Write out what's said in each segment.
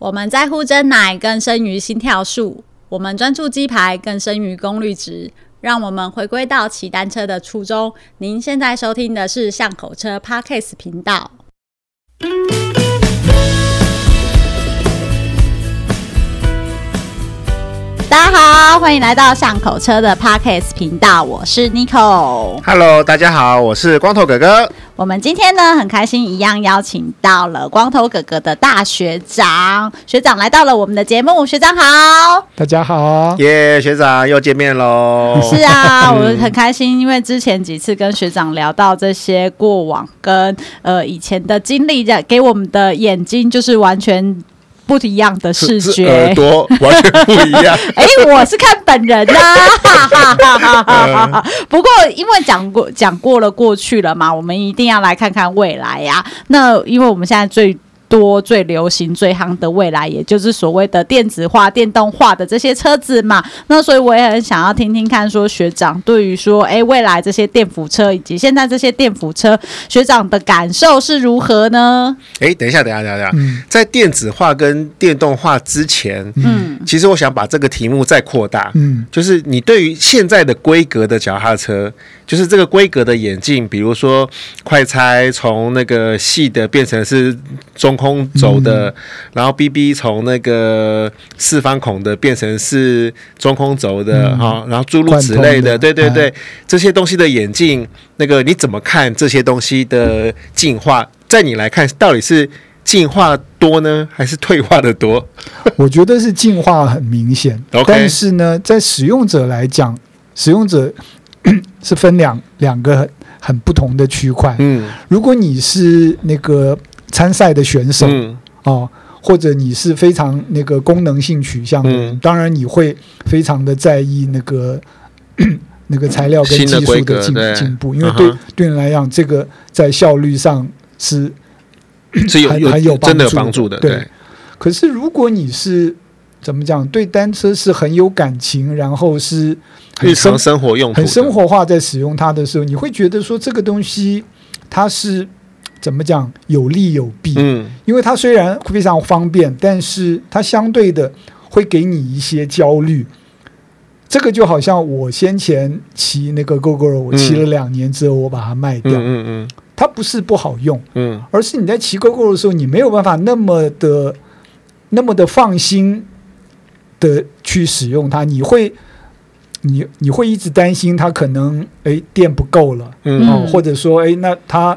我們在乎真奶更勝於心跳數，我們專注雞排更勝於功率值，讓我們回歸到騎單車的初衷。您現在收聽的是巷口車 Podcast 頻道。大家好，歡迎來到巷口車的 Podcast 頻道，我是 Nicole。Hello，大家好，我是光頭哥哥。我們今天呢很開心，一樣邀請到了光頭哥哥的大學長學長來到了我們的節目，學長好，大家好，耶、yeah，學長又見面嘍， 是啊，我們很開心，因為之前幾次跟學長聊到這些過往跟呃以前的經歷，讓給我們的眼睛就是完全。不一樣的視覺，呃、多完全不一樣。 欸、我是看本人吶、啊。 不過，因為講過講過了過去了嘛，我們一定要來看看未來呀、啊。那因為我們現在最多最流行最夯的未來，也就是所謂的電子化電動化的這些車子嘛。那所以我也很想要聽聽看，說學長對於說，哎，未來這些電輔車以及現在這些電輔車，學長的感受是如何呢？哎、嗯，等一下，等一下，等一下、嗯，在電子化跟電動化之前，嗯，其實我想把這個題目再擴大，嗯，就是你對於現在的規格的腳踏車，就是這個規格的演進，比如說快拆從那個細的變成是中。空軸的，嗯、然後 B B 從那個四方孔的變成是中空軸的哈、嗯哦，然後諸如此類的，的，對對對、啊，這些東西的眼鏡，那個你怎麼看這些東西的進化？在你來看，到底是進化多呢，還是退化的多？我覺得是進化很明顯， 但是呢，在使用者來講，使用者 是分兩兩個很，很不同的區塊。嗯，如果你是那個。參賽的選手啊、嗯哦，或者你是非常那個功能性取向的人，嗯，當然你會非常的在意那個 那個材料跟技術的進進步因為對、嗯、對你來講，這個在效率上是， 是有有很、很有很有幫助的對。對，可是如果你是怎麼講，對單車是很有感情，然後是很生活用的很生活化在使用它的時候，你會覺得說這個東西它是。怎麼講？有利有弊。嗯，因為它雖然非常方便、嗯，但是它相對的會給你一些焦慮。這個就好像我先前騎那個 Gogoro、嗯、我騎了兩年之後，我把它賣掉。嗯嗯，嗯，它不是不好用，嗯，而是你在騎 Gogoro 的時候，你沒有辦法那麼的那麼的放心的去使用它。你會，你你會一直擔心它可能誒電不夠了，嗯，或者說誒那它。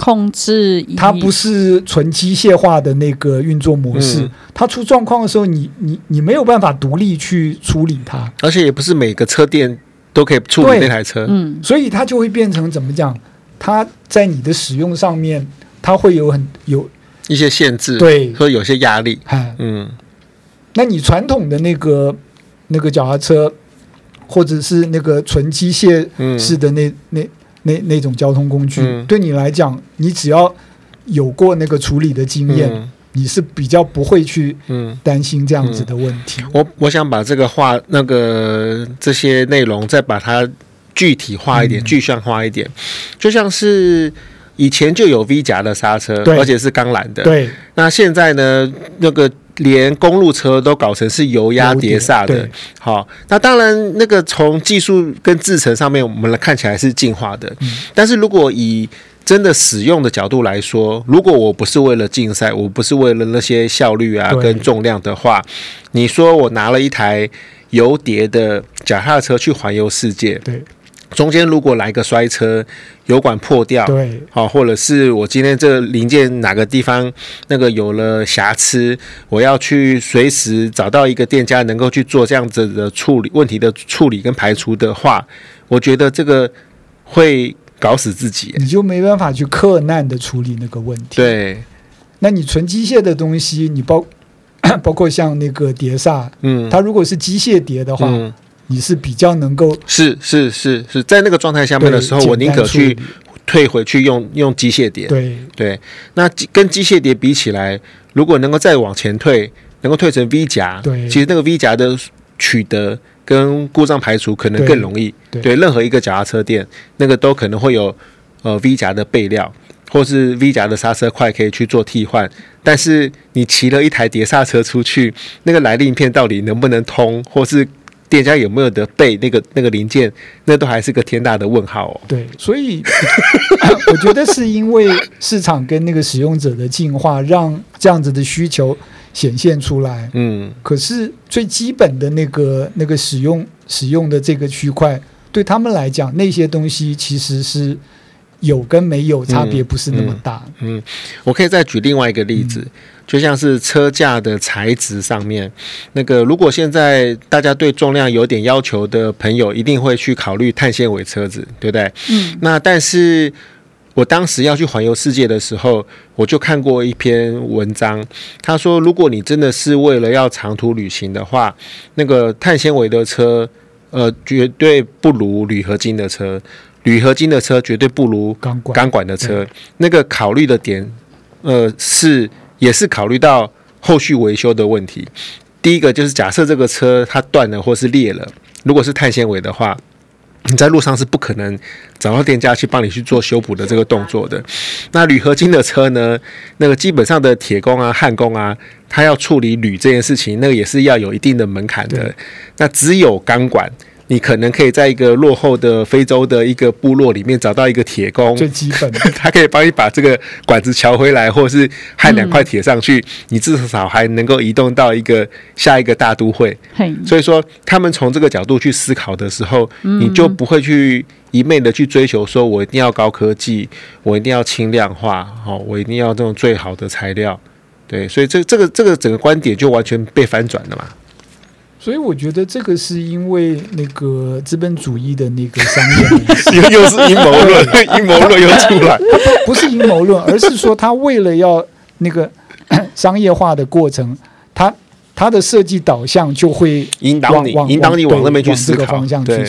控制它不是純機械化的那個運作模式，嗯、它出狀況的時候你，你你你沒有辦法獨立去處理它，而且也不是每個車店都可以處理那台車，嗯，所以它就會變成怎麼講？它在你的使用上面，它會有很有一些限制，對，會有些壓力，嗯，那你傳統的那個那個腳踏車，或者是那個純機械式的那、嗯、那。那那種交通工具、嗯、對你來講，你只要有過那個處理的經驗，嗯、你是比較不會去擔心這樣子的問題。嗯、我我想把這個話、那個這些內容再把它具體化一點、嗯、具象化一點，就像是以前就有 V 夾的剎車，而且是鋼纜的。對，那現在呢？那個。連公路車都搞成是油壓碟剎的，好，那當然那個從技術跟製程上面，我們來看起來是進化的。但是，如果以真的使用的角度來說，如果我不是為了競賽，我不是為了那些效率啊跟重量的話，你說我拿了一台油碟的腳踏車去環遊世界？中間如果來個摔車，油管破掉，對，好、啊，或者是我今天這零件哪個地方那個有了瑕疵，我要去隨時找到一個店家能夠去做這樣子的處理問題的處理跟排除的話，我覺得這個會搞死自己，你就沒辦法去克難的處理那個問題。對，那你純機械的東西，你包 包括像那個碟煞，嗯，它如果是機械碟的話。嗯你是比較能夠是是是是在那個狀態下面的時候，我寧可去退回去用用機械碟。對對，那跟機械碟比起來，如果能夠再往前退，能夠退成 V 夾，對，其實那個 V 夾的取得跟故障排除可能更容易。對，對對任何一個腳踏車店，那個都可能會有呃 V 夾的備料，或是 V 夾的剎車塊可以去做替換。但是你騎了一台碟剎車出去，那個來令片到底能不能通，或是？店家有沒有得備那個那個零件？那都還是個天大的問號哦。對，所以 我覺得是因為市場跟那個使用者的進化，讓這樣子的需求顯現出來。嗯，可是最基本的那個那個使用使用的這個區塊，對他們來講，那些東西其實是有跟沒有差別不是那麼大，嗯嗯。嗯，我可以再舉另外一個例子。嗯就像是車架的材質上面，那個如果現在大家對重量有點要求的朋友，一定會去考慮碳纖維車子，對不對？嗯。那但是我當時要去環遊世界的時候，我就看過一篇文章，他說，如果你真的是為了要長途旅行的話，那個碳纖維的車，呃，絕對不如鋁合金的車，鋁合金的車絕對不如鋼管鋼管的車。那個考慮的點，呃，是。也是考慮到後續維修的問題。第一個就是，假設這個車它斷了或是裂了，如果是碳纖維的話，你在路上是不可能找到店家去幫你去做修補的這個動作的。那鋁合金的車呢，那個基本上的鐵工啊、焊工啊，他要處理鋁這件事情，那個也是要有一定的門檻的。那只有鋼管。你可能可以在一個落後的非洲的一個部落裡面找到一個鐵工，最基本的， 他可以幫你把這個管子撬回來，或是焊兩塊鐵上去，嗯，你至少還能夠移動到一個下一個大都會。所以說，說他們從這個角度去思考的時候，嗯，你就不會去一昧的去追求，說我一定要高科技，我一定要輕量化，好，哦，我一定要這種最好的材料。對，所以這這個這個整個觀點就完全被翻轉了嘛。所以我覺得這個是因為那個資本主義的那個商業，又 又是陰謀論， 對啊、 陰謀論又出來， 不是陰謀論，而是說他為了要那個 商業化的過程，他他的設計導向就會往引導你，引導你往那邊去思考方向，對，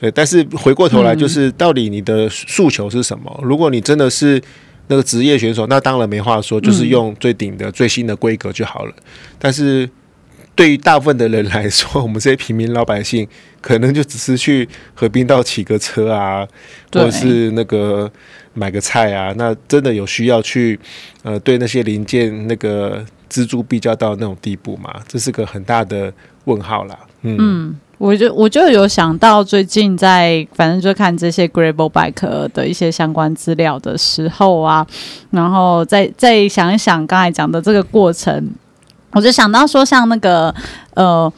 對。但是回過頭來，就是到底你的訴求是什麼、嗯？如果你真的是那個職業選手，那當然沒話說，就是用最頂的、最新的規格就好了、嗯。但是。對於大部分的人來說，我們這些平民老百姓，可能就只是去河濱道騎個車啊，或者是那個買個菜啊。那真的有需要去呃，對那些零件那個錙銖必較到那種地步嘛？這是個很大的問號啦。嗯，嗯我就我就有想到，最近在反正就看這些 Gravel Bike 的一些相關資料的時候啊，然後再再想一想剛才講的這個過程。嗯我就想到說，像那個呃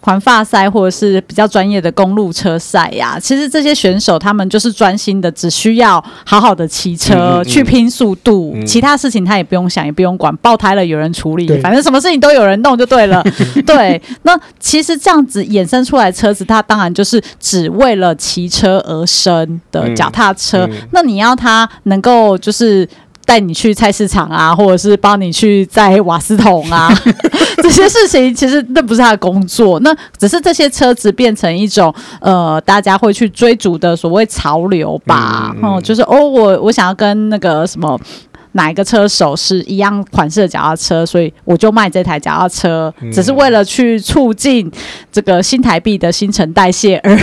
環法賽，或者是比較專業的公路車賽呀，啊，其實這些選手他們就是專心的，只需要好好的騎車，嗯嗯，去拼速度，嗯，其他事情他也不用想，也不用管，爆胎了有人處理，反正什麼事情都有人弄就對了。對，對那其實這樣子衍生出來車子，它當然就是只為了騎車而生的腳踏車，嗯嗯。那你要它能夠就是。帶你去菜市場啊，或者是幫你去載瓦斯桶啊， 這些事情其實那不是他的工作，那只是這些車子變成一種呃，大家會去追逐的所謂潮流吧。哈、嗯嗯，就是哦，我我想要跟那個什麼。嗯嗯哪一個車手是一樣款式的腳踏車，所以我就賣這台腳踏車、嗯，只是為了去促進這個新台幣的新陳代謝而、嗯、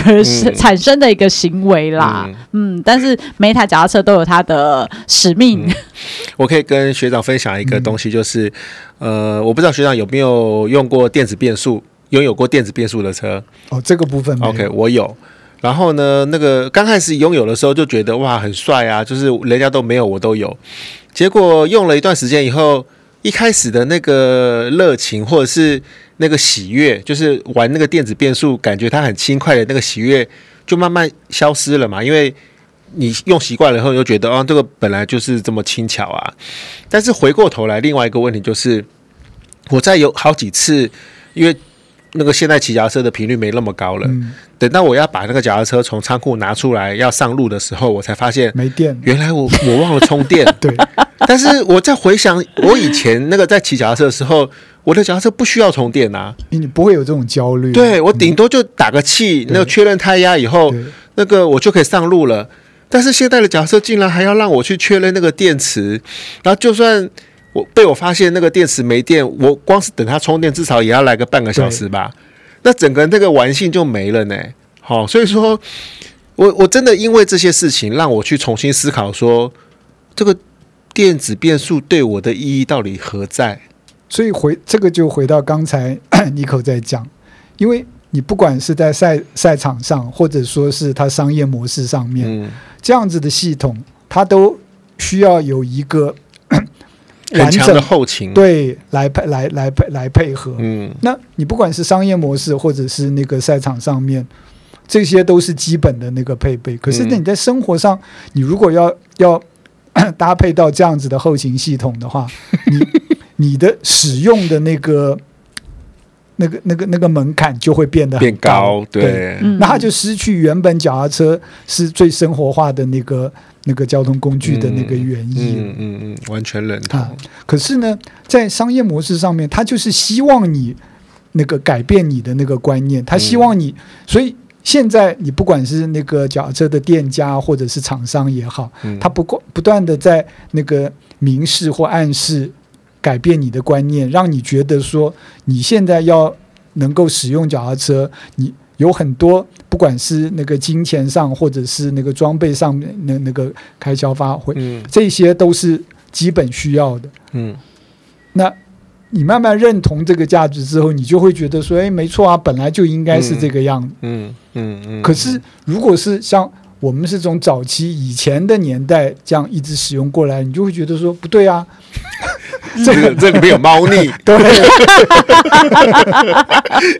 產生的一個行為啦。嗯，嗯但是每一台腳踏車都有它的使命、嗯。我可以跟學長分享一個東西，嗯、就是呃，我不知道學長有沒有用過電子變速，擁有過電子變速的車？哦，這個部分 OK，我有。然後呢，那個剛開始擁有的時候就覺得哇，很帥啊！就是人家都沒有，我都有。結果用了一段時間以後，一開始的那個熱情或者是那個喜悅，就是玩那個電子變速，感覺它很輕快的那個喜悅，就慢慢消失了嘛。因為你用習慣了以後，又覺得啊，這個本來就是這麼輕巧啊。但是回過頭來，另外一個問題就是，我在有好幾次，因為。那個現在騎腳車的頻率沒那麼高了，嗯。等到我要把那個腳踏車從倉庫拿出來要上路的時候，我才發現沒電。原來我我忘了充電。 對，但是我在回想我以前那個在騎腳踏車的時候，我的腳踏車不需要充電啊，你不會有這種焦慮，啊。對，我頂多就打個氣，那個確認胎壓以後，那個我就可以上路了。但是現在的腳踏車竟然還要讓我去確認那個電池，然後就算。我被我發現那個電池沒電，我光是等它充電，至少也要來個半個小時吧。那整個那個玩性就沒了呢。好、哦，所以說，我我真的因為這些事情，讓我去重新思考說，這個電子變速對我的意義到底何在？所以回這個就回到剛才妮可在講，因為你不管是在賽賽場上，或者說是它商業模式上面，嗯、這樣子的系統，它都需要有一個。完整強的後勤對來配來來配來,來配合，嗯，那你不管是商業模式或者是那個賽場上面，這些都是基本的那個配備。可是那你在生活上，嗯、你如果要要搭配到這樣子的後勤系統的話，你你的使用的那個 那個那個、那個、那個門檻就會變得高變高，對,對、嗯，那他就失去原本腳踏車是最生活化的那個。那個交通工具的那個原因，嗯嗯嗯，完全認同、啊。可是呢，在商業模式上面，他就是希望你那個改變你的那個觀念，他希望你、嗯。所以現在你不管是那個腳踏車的店家或者是廠商也好，他、嗯、不過不斷的在那個明示或暗示改變你的觀念，讓你覺得說你現在要能夠使用腳踏車，你。有很多，不管是那個金錢上，或者是那個裝備上面，那那個開銷發揮、嗯，這些都是基本需要的。嗯，那你慢慢認同這個價值之後，你就會覺得說：“誒，沒錯啊，本來就應該是這個樣子。”嗯嗯嗯，嗯。可是，如果是像我們是從早期以前的年代這樣一直使用過來，你就會覺得說：“不對啊。 ”這個這裡面有貓膩，對了，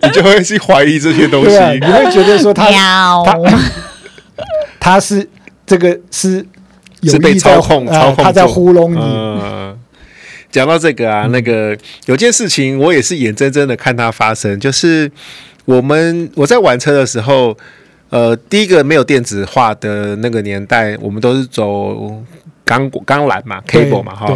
你就會去懷疑這些東西、啊。你會覺得說他，他是這個是有是被操控，操控、呃、它在糊弄你。講、嗯、到這個啊，那個有件事情，我也是眼睜睜的看它發生。就是我們我在玩車的時候，呃，第一個沒有電子化的那個年代，我們都是走。鋼鋼纜嘛，cable 嘛哈，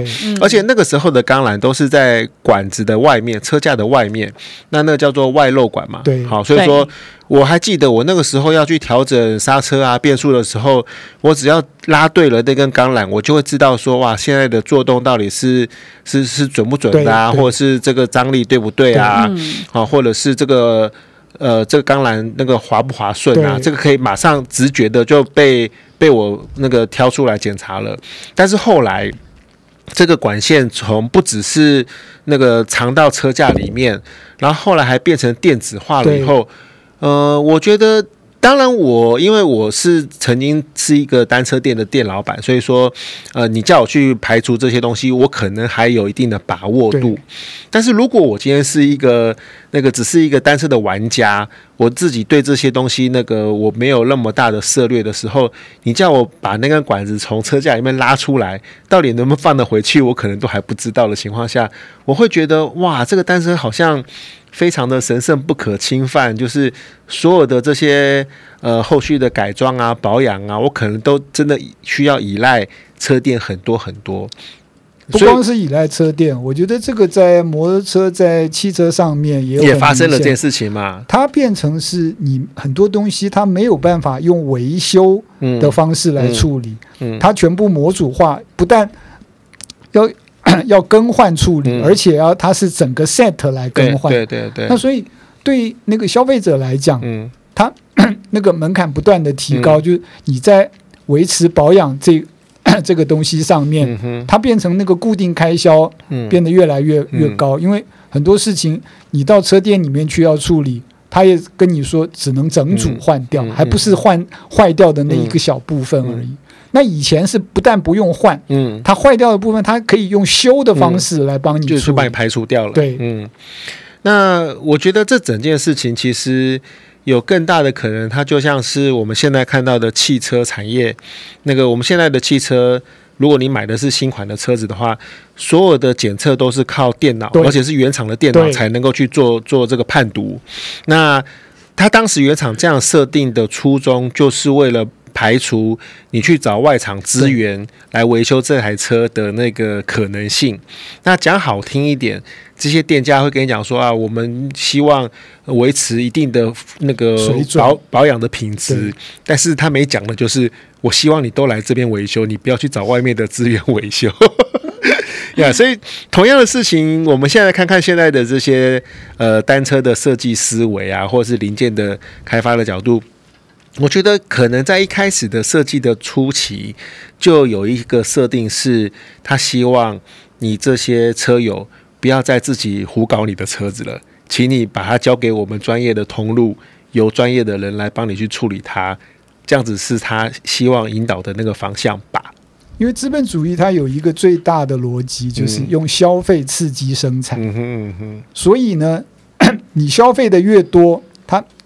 而且那個時候的鋼纜都是在管子的外面，車架的外面，那那個叫做外露管嘛。對，好，所以說我還記得我那個時候要去調整剎車啊、變速的時候，我只要拉對了那根鋼纜，我就會知道說哇，現在的作動到底是是是準不準的啊，或者是這個張力對不對啊，好、嗯，或者是這個呃這個鋼纜那個滑不滑順啊，這個可以馬上直覺的就被。被我那個挑出來檢查了，但是後來這個管線從不只是那個藏到車架裡面，然後後來還變成電子化了以後，呃，我覺得。當然我，我因為我是曾經是一個單車店的店老板，所以說，呃，你叫我去排除這些東西，我可能還有一定的把握度。但是如果我今天是一個那個只是一個單車的玩家，我自己對這些東西那個我沒有那麼大的涉略的時候，你叫我把那根管子從車架裡面拉出來，到底能不能放得回去，我可能都還不知道的情況下，我會覺得哇，這個單車好像。非常的神聖不可侵犯，就是所有的這些呃後續的改裝啊、保養啊，我可能都真的需要依賴車店很多很多。不光是依賴車店，我覺得這個在摩托車、在汽車上面也也發生了這件事情嘛。它變成是你很多東西，它沒有辦法用維修的方式來處理，嗯嗯嗯、它全部模組化，不但要。要更換處理，嗯，而且要它是整個 set 來更換。對對對、對。那所以對那個消費者來講，嗯，他那個門檻不斷的提高，嗯，就是你在維持保養這，嗯，這個東西上面，它，嗯，變成那個固定開銷、嗯，變得越來越，嗯，越高。因為很多事情，你到車店裡面去要處理，他也跟你說只能整組換掉、嗯嗯，還不是換壞掉的那一個小部分而已。嗯嗯嗯那以前是不但不用換，嗯，它壞掉的部分，它可以用修的方式來幫你，嗯，就是把你排除掉了。對，嗯。那我覺得這整件事情其實有更大的可能，它就像是我們現在看到的汽車產業，那個我們現在的汽車，如果你買的是新款的車子的話，所有的檢測都是靠電腦，而且是原廠的電腦才能夠去做做這個判讀。那他當時原廠這樣設定的初衷，就是為了。排除你去找外廠資源來維修這台車的那個可能性。那講好聽一點，這些店家會跟你講說啊，我們希望維持一定的那個保保養的品質，但是他沒講的就是，我希望你都來這邊維修，你不要去找外面的資源維修。呀、 嗯，yeah, 所以同樣的事情，我們現在看看現在的這些呃，單車的設計思維啊，或者是零件的開發的角度。我覺得可能在一開始的設計的初期，就有一個設定是，他希望你這些車友不要再自己胡搞你的車子了，請你把它交給我們專業的通路，由專業的人來幫你去處理它。這樣子是他希望引導的那個方向吧？因為資本主義它有一個最大的邏輯，就是用消費刺激生產。嗯，嗯哼，嗯哼。所以呢，你消費的越多。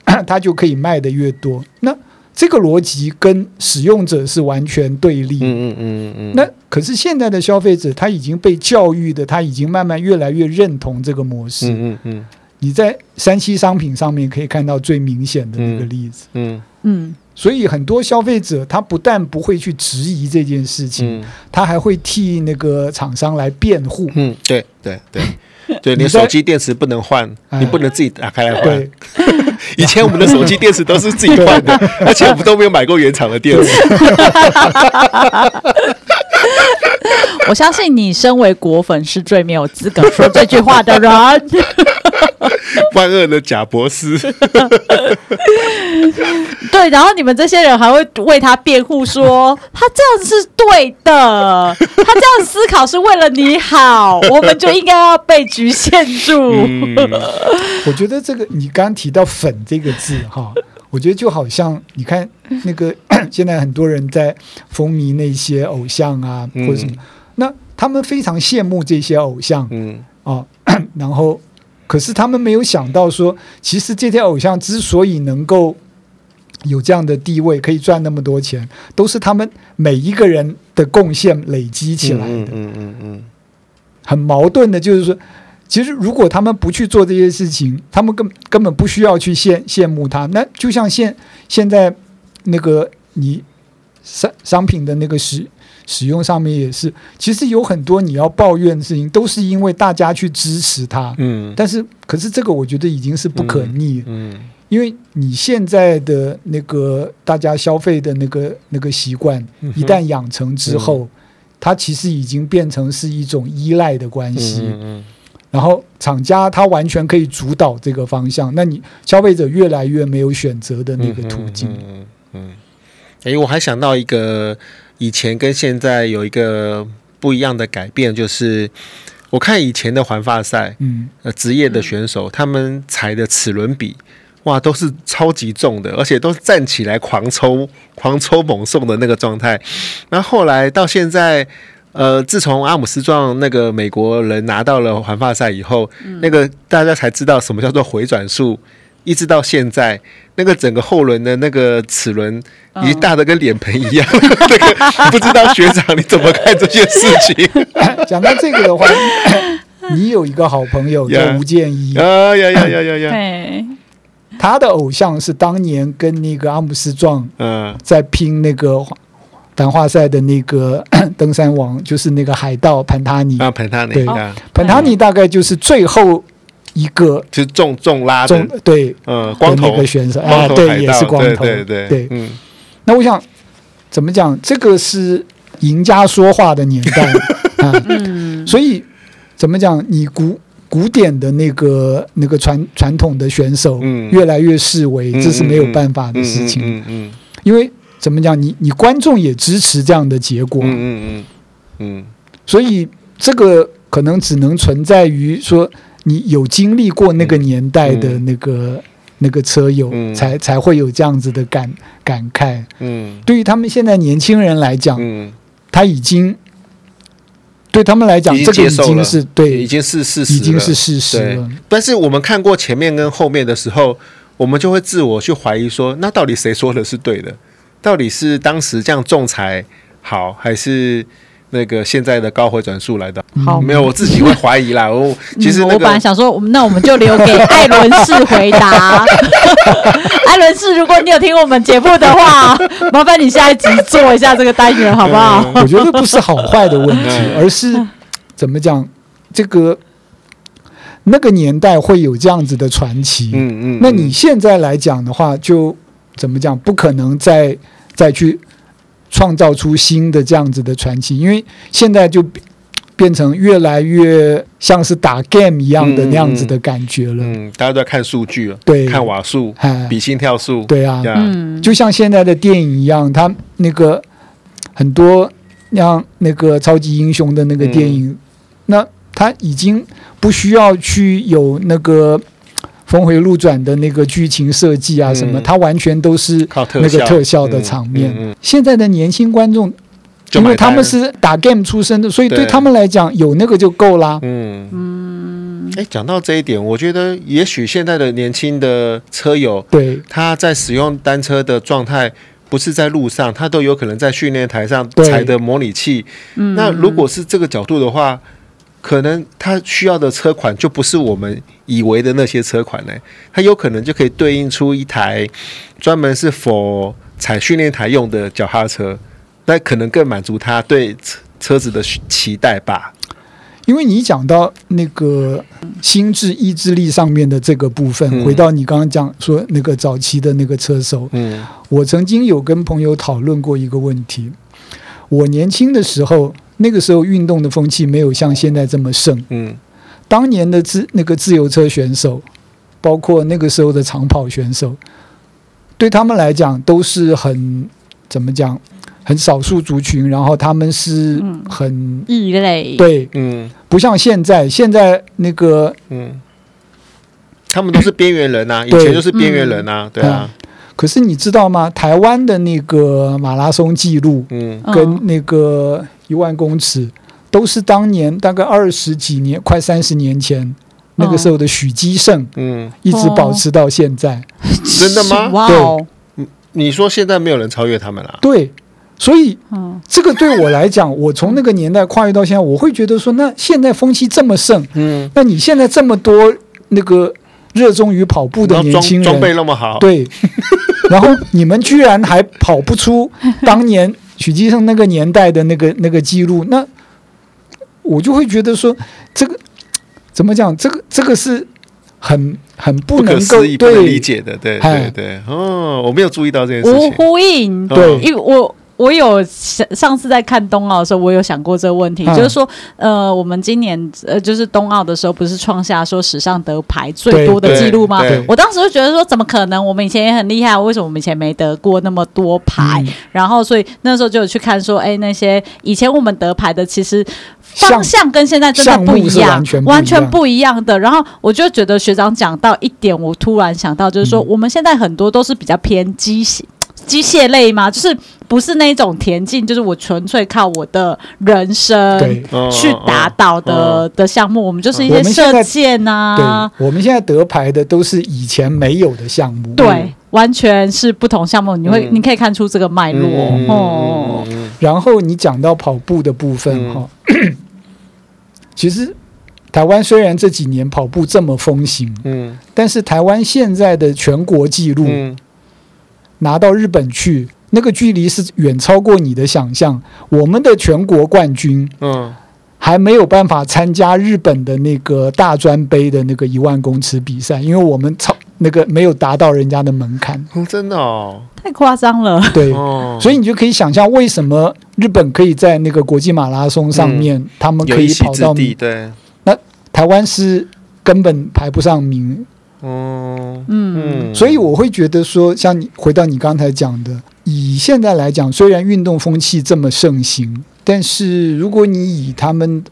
他就可以賣得越多，那這個邏輯跟使用者是完全對立的。嗯嗯嗯嗯。那可是現在的消費者，他已經被教育的，他已經慢慢越來越認同這個模式。嗯嗯。你在山西商品上面可以看到最明顯的那個例子。嗯嗯。所以很多消費者，他不但不會去質疑這件事情。嗯，他還會替那個廠商來辯護。嗯，對對對。對對，你手機電池不能換，你，你不能自己打開來換。哎，以前我們的手機電池都是自己換的，而且我們都沒有買過原廠的電池。我相信你身為果粉是最沒有資格說這句話的人 萬惡的賈伯斯 。對，然後你們這些人還會為他辯護，說他這樣子是對的，他這樣思考是為了你好，我們就應該要被局限住。嗯。我覺得這個你剛剛提到“粉”這個字哈，我覺得就好像你看那個現在很多人在風靡那些偶像啊，或者什麼。嗯他們非常羨慕這些偶像，嗯啊、哦，然後，可是他們沒有想到說，其實這些偶像之所以能夠有這樣的地位，可以賺那麼多錢，都是他們每一個人的貢獻累積起來的，嗯嗯嗯，嗯。很矛盾的就是說，其實如果他們不去做這些事情，他們根根本不需要去羨羨慕他。那就像現現在那個你商商品的那個是。使用上面也是，其實有很多你要抱怨的事情，都是因為大家去支持它。嗯，但是可是這個我覺得已經是不可逆。嗯。嗯，因為你現在的那個大家消費的那個那個習慣，嗯，一旦養成之後，嗯，它其實已經變成是一種依賴的關係。嗯，嗯，嗯，嗯。然後廠家它完全可以主導這個方向，那你消費者越來越沒有選擇的那個途徑。嗯嗯。哎，嗯嗯，我還想到一個。以前跟現在有一個不一樣的改變，就是我看以前的環法賽，嗯，職業的選手他們踩的齒輪比，哇，都是超級重的，而且都是站起來狂抽、狂抽猛送的那個狀態。那後來到現在，呃，自從阿姆斯壯那個美國人拿到了環法賽以後，那個大家才知道什麼叫做回轉數。一直到現在，那個整個後輪的那個齒輪已經大的跟臉盆一樣，嗯、 那個不知道學長你怎麼看這件事情？講到這個的話， 你有一個好朋友、yeah. 叫吳建一啊，呀呀呀呀呀，他的偶像是當年跟那個阿姆斯壯嗯在拼那個環環法賽的那個 登山王，就是那個海盜潘塔尼啊，潘塔尼對，哦、潘塔尼大概就是最後。一個就是重重拉重對，嗯，光頭的選手頭啊，對，也是光頭，對對對，對嗯。那我想怎麼講？這個是贏家說話的年代 啊，嗯。所以怎麼講？你古古典的那個那個傳傳統的選手，嗯，越來越式微，這是沒有辦法的事情，嗯嗯，嗯，嗯，嗯，嗯。因為怎麼講？你你觀眾也支持這樣的結果，嗯嗯嗯，嗯。所以這個可能只能存在於說。你有經歷過那個年代的那個、嗯嗯、那個車友，才、嗯、才會有這樣子的感感慨。嗯，對於他們現在年輕人來講，嗯、他已經對他們來講，這個已經是對，已經是事實，已經是事實了。但是我們看過前面跟後面的時候，我們就會自我去懷疑說，那到底誰說的是對的？到底是當時這樣仲裁好，還是？那個現在的高回轉速來的，好沒有，我自己會懷疑啦。哦、嗯，其實、那個、我本來想說，那我們就留給艾倫士回答。 艾倫士，如果你有聽我們節目的話，麻煩你下一集做一下這個單元好不好？我覺得不是好壞的問題， 而是怎麼講，這個那個年代會有這樣子的傳奇。嗯嗯，那你現在來講的話，就怎麼講，不可能再再去。創造出新的這樣子的傳奇，因為現在就變成越來越像是打 game 一樣的那樣子的感覺了。嗯，嗯，大家都在看數據了，對，看瓦數，比心跳數，對啊、嗯，就像現在的電影一樣，他那個很多像那個超級英雄的那個電影，嗯、那他已經不需要去有那個。峰迴路轉的那個劇情設計啊，什麼、嗯，它完全都是那個特效的場面。嗯嗯嗯、現在的年輕觀眾，因為他們是打 game 出身的，所以對他們來講，有那個就夠了。嗯嗯。哎、欸，講到這一點，我覺得也許現在的年輕的車友，對他在使用單車的狀態，不是在路上，他都有可能在訓練台上踩的模擬器。那如果是這個角度的話。可能他需要的車款就不是我們以為的那些車款呢。欸,他有可能就可以對應出一台專門是 for 踩訓練台用的腳踏車，那可能更滿足他對車車子的期待吧。因為你講到那個心智意志力上面的這個部分，嗯，回到你剛剛講說那個早期的那個車手，嗯，我曾經有跟朋友討論過一個問題，我年輕的時候。那個時候運動的風氣沒有像現在這麼盛。嗯，當年的自那個自由車選手，包括那個時候的長跑選手，對他們來講都是很怎麼講，很少數族群。然後他們是很異類、嗯，對，嗯，不像現在，現在那個嗯，他們都是邊緣人吶、啊，以前都是邊緣人吶、啊嗯，對啊、嗯。可是你知道嗎？台灣的那個馬拉松記錄、那個，嗯，跟那個。一萬公尺都是當年，大概二十幾年快三十年前，哦，那個時候的許績勝，嗯，一直保持到現在，哦， 真的嗎？哇哦！你，你說現在沒有人超越他們了，啊，對，所以，嗯，這個對我來講，我從那個年代跨越到現在，我會覺得說，那現在風氣這麼盛，嗯，那你現在這麼多那個熱衷於跑步的年輕人，裝，裝備那麼好，對， 然後你們居然還跑不出當年。 許繼生那個年代的那個那個記錄，那我就會覺得說，這個怎麼講？這個這個是很很不能夠不可、對不能理解的對，對對對，哦，我沒有注意到這件事情，我呼應，對，因為我。我有想，上次在看冬奧的時候，我有想過這個問題、嗯，就是說，呃，我們今年呃，就是冬奧的時候，不是創下說史上得牌最多的記錄嗎？對，對，對。我當時就覺得說，怎麼可能？我們以前也很厲害，為什麼我們以前沒得過那麼多牌？嗯、然後，所以那時候就有去看說，誒，那些以前我們得牌的，其實方向跟現在真的不一樣，完全不一樣的。然後我就覺得學長講到一點，我突然想到，就是說、嗯，我們現在很多都是比較偏機型。機械類嗎？就是不是那種田徑，就是我純粹靠我的人生去達到的的項目。我們就是一些射箭啊，我對。我們現在得牌的都是以前沒有的項目，對、嗯，完全是不同項目。你會、嗯，你可以看出這個脈絡、嗯、哦、嗯嗯嗯。然後你講到跑步的部分哈、嗯哦， 其實台灣雖然這幾年跑步這麼風行，嗯，但是台灣現在的全國紀錄。嗯拿到日本去，那個距離是遠超過你的想象。我們的全國冠軍，嗯，還沒有辦法參加日本的那個大專盃的那個一萬公尺比賽，因為我們超那個沒有達到人家的門檻。嗯、真的哦，太誇張了。對，哦、所以你就可以想象，為什麼日本可以在那個國際馬拉松上面，嗯、他們可以跑到名，對，那台灣是根本排不上名。嗯嗯，所以我會覺得說，像你回到你剛才講的，以現在來講，雖然運動風氣這麼盛行，但是如果你以他們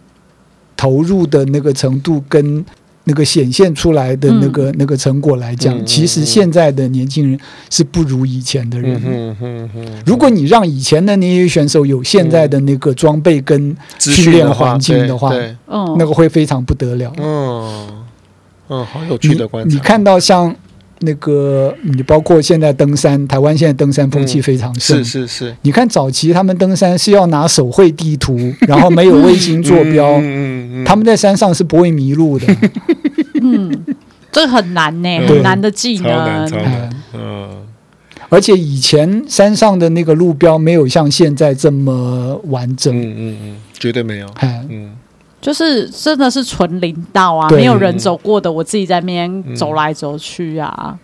投入的那個程度跟那個顯現出來的那個那個成果來講，其實現在的年輕人是不如以前的人。嗯，嗯，嗯，嗯，嗯，嗯，嗯，嗯，嗯，如果你讓以前的那些選手有現在的那個裝備跟訓練環境的話、嗯，嗯、那個會非常不得了。嗯，嗯。嗯、哦，好有趣的觀察。你看到像那個，你包括現在登山，台灣現在登山風氣非常盛。嗯。是是是，你看早期他們登山是要拿手繪地圖， 然後沒有衛星坐標， 嗯嗯嗯，他們在山上是不會迷路的。 嗯，這很難呢。欸嗯，很難的技能嗯。嗯，而且以前山上的那個路標沒有像現在這麼完整。嗯嗯嗯，絕對沒有。嗯。嗯就是真的是純林道啊，沒有人走過的，我自己在那邊走來走去啊，嗯、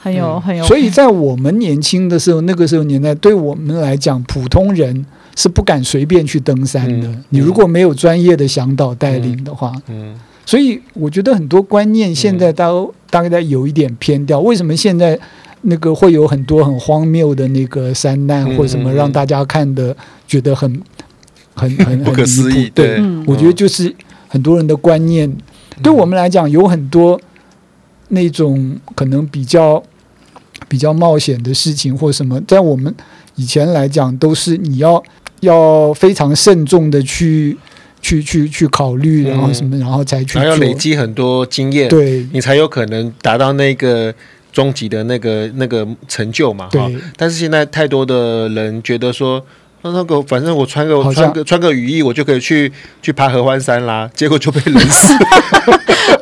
很有很有。所以，在我們年輕的時候，那個時候年代，對我們來講，普通人是不敢隨便去登山的。嗯、你如果沒有專業的向導帶領的話，嗯，所以我覺得很多觀念現在都大概在有一點偏掉。為什麼現在那個會有很多很荒謬的那個山難、嗯、或什麼讓大家看的覺得很？很很，很不可思議，對，對、嗯，我覺得就是很多人的觀念，嗯、對我們來講有很多那種可能比較比較冒險的事情或什麼，在我們以前來講，都是你要要非常慎重的去去去去考慮、嗯，然後什麼，然後才去，還、啊、要累積很多經驗，對，你才有可能達到那個終極的那個那個成就嘛，哈，但是現在太多的人覺得說。那個，反正我穿個穿個穿個、穿個雨衣，我就可以去去爬合歡山啦。結果就被冷死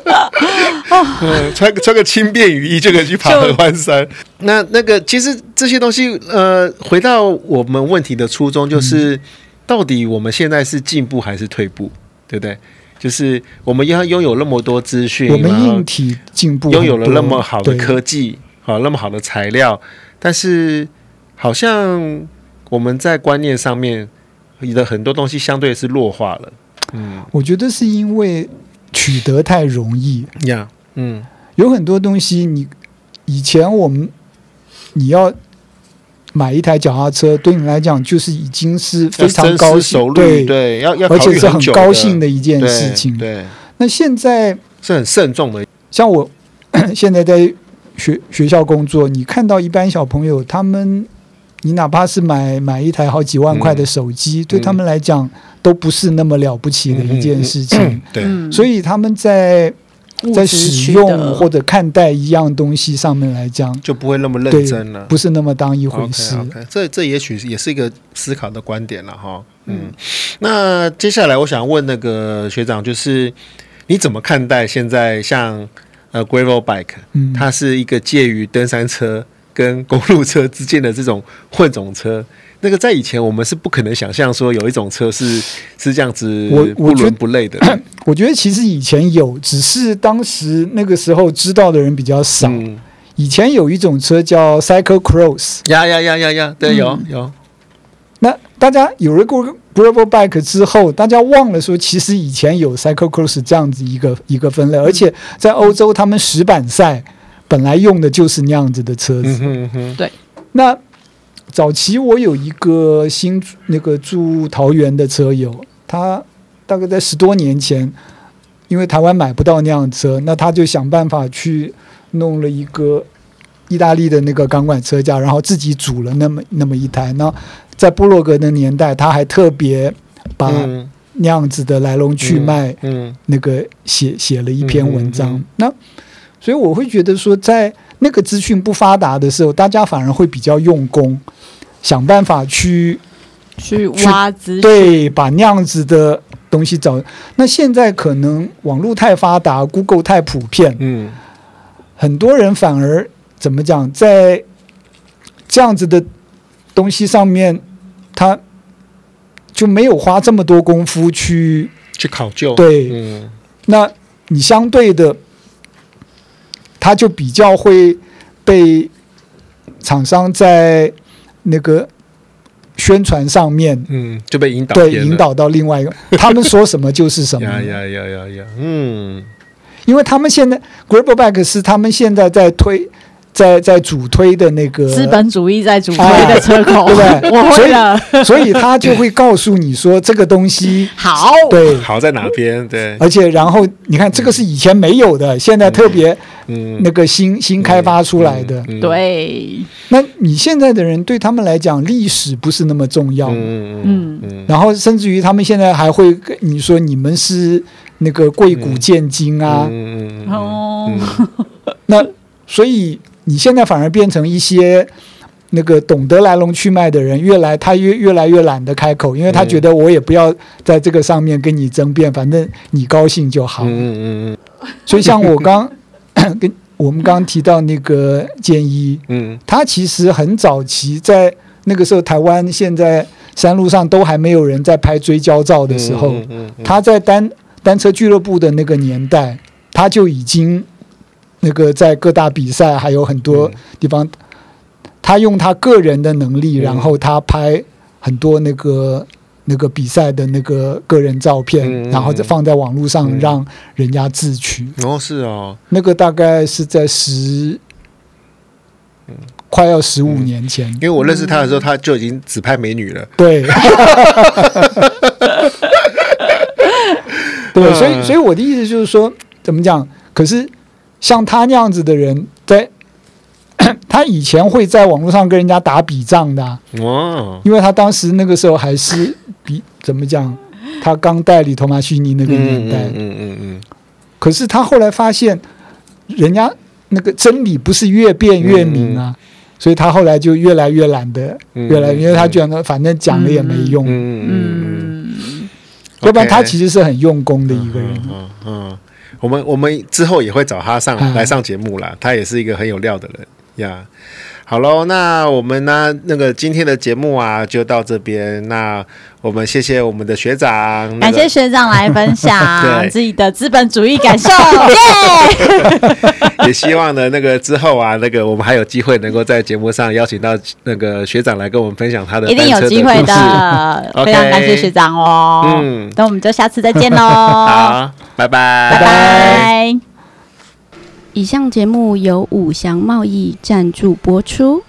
了 嗯。穿個穿個輕便雨衣就可以去爬合歡山。那那個，其實這些東西，呃，回到我們問題的初衷，就是到底我們現在是進步還是退步，嗯、對不對？就是我們要擁有那麼多資訊，我們硬體進步，擁有了那麼好的科技，好、啊、那麼好的材料，但是好像。我們在觀念上面，你的很多東西相對是弱化了。嗯，我覺得是因為取得太容易呀。Yeah, 嗯，有很多東西你以前我們你要買一台腳踏車，對你來講就是已經是非常高興，對對，對，要要而且是很高興的一件事情。對，對那現在是很慎重的。像我咳咳現在在學學校工作，你看到一般小朋友他們。你哪怕是買買一台好幾萬塊的手機，嗯，對他們來講，嗯、都不是那麼了不起的一件事情。嗯嗯、對、嗯，所以他們在在使用或者看待一樣東西上面來講，就不會那麼認真了，不是那麼當一回事。Okay, okay, 這這也許也是一個思考的觀點了哈、嗯。嗯，那接下來我想問那個學長，就是你怎麼看待現在像呃 Gravel Bike，它是一個介於登山車？嗯跟公路車之間的這種混種車，那個在以前我們是不可能想象說有一種車是是這樣子不不倫不類的我我。我覺得其實以前有，只是當時那個時候知道的人比較少。嗯、以前有一種車叫 cycle cross，呀呀呀呀呀，對，嗯、有有。那大家有了 gravel bike 之後，大家忘了說其實以前有 cycle cross 這樣子一個一個分類，而且在歐洲他們石板賽本來用的就是那樣子的車子，對、嗯嗯。那早期我有一個新那個住桃園的車友，他大概在十多年前，因為台灣買不到那樣車，那他就想辦法去弄了一個意大利的那個鋼管車架，然後自己組了那麼那麼一台。那在部落格的年代，他還特別把那樣子的來龍去脈，嗯，嗯那個寫寫了一篇文章。嗯、那所以我會覺得說，在那個資訊不發達的時候，大家反而會比較用功，想辦法去去挖資訊去，對，把那樣子的東西找。那現在可能網絡太發達，Google 太普遍，嗯，很多人反而怎麼講，在這樣子的東西上面，他就沒有花這麼多功夫去去考究，對，嗯，那你相對的。他就比較會被廠商在那個宣傳上面，嗯，就被引導，對，引導到另外一個， 他們說什麼就是什麼。呀呀呀呀呀！嗯，因為他們現在 Gripback 是他們現在在推。在在主推的那個資本主義在主推的車口、啊， 對不對？ 所以所以他就會告訴你說這個東西 好，對，好在哪邊？對，而且然後你看這個是以前沒有的，現在特別嗯那個新新開發出來的，對。那你現在的人對他們來講歷史不是那麼重要，嗯嗯嗯，然後甚至於他們現在還會跟你說你們是那個貴古賤今啊，哦，那所以。你現在反而變成一些那個懂得來龍去脈的人，越來他越越來越懶得開口，因為他覺得我也不要在這個上面跟你爭辯，反正你高興就好。嗯嗯嗯，所以像我剛跟 我們剛提到那個建一，嗯，他其實很早期，在那個時候台灣現在山路上都還沒有人在拍追焦照的時候，嗯嗯嗯嗯，他在單單車俱樂部的那個年代，他就已經。那個在各大比賽還有很多地方，嗯、他用他個人的能力，嗯、然後他拍很多那個那個比賽的那個個人照片，嗯、然後放在網絡上讓人家自取、嗯。哦，是哦，那個大概是在十，嗯、快要十五年前、嗯。因為我認識他的時候、嗯，他就已經只拍美女了。對， 對、嗯，所以所以我的意思就是說，怎麼講？可是。像他那樣子的人在，在 他以前會在網絡上跟人家打筆仗的，啊 wow. 因為他當時那個時候還是比怎麼講，他剛代理托馬西尼那個年代，嗯嗯嗯,嗯,嗯。可是他後來發現，人家那個真理不是越辯越明啊、嗯，所以他後來就越來越懶得，越來越、嗯、他覺得、嗯、反正講了也沒用，嗯，嗯嗯嗯 okay. 要不然他其實是很用功的一個人，嗯嗯。我們我們之後也會找他上來上節目啦，uh. 他也是一個很有料的人呀。Yeah. 好嘍，那我們呢？那個今天的節目啊，就到這邊。那我們謝謝我們的學長，那個、感謝學長來分享自己的資本主義感受。耶、 yeah!！也希望呢，那個之後啊，那個我們還有機會能夠在節目上邀請到那個學長來跟我們分享他的，的，一定有機會的。 非常感謝學長哦、okay。嗯，那我們就下次再見嘍。好，拜 拜，拜拜。以上節目由武祥貿易贊助播出。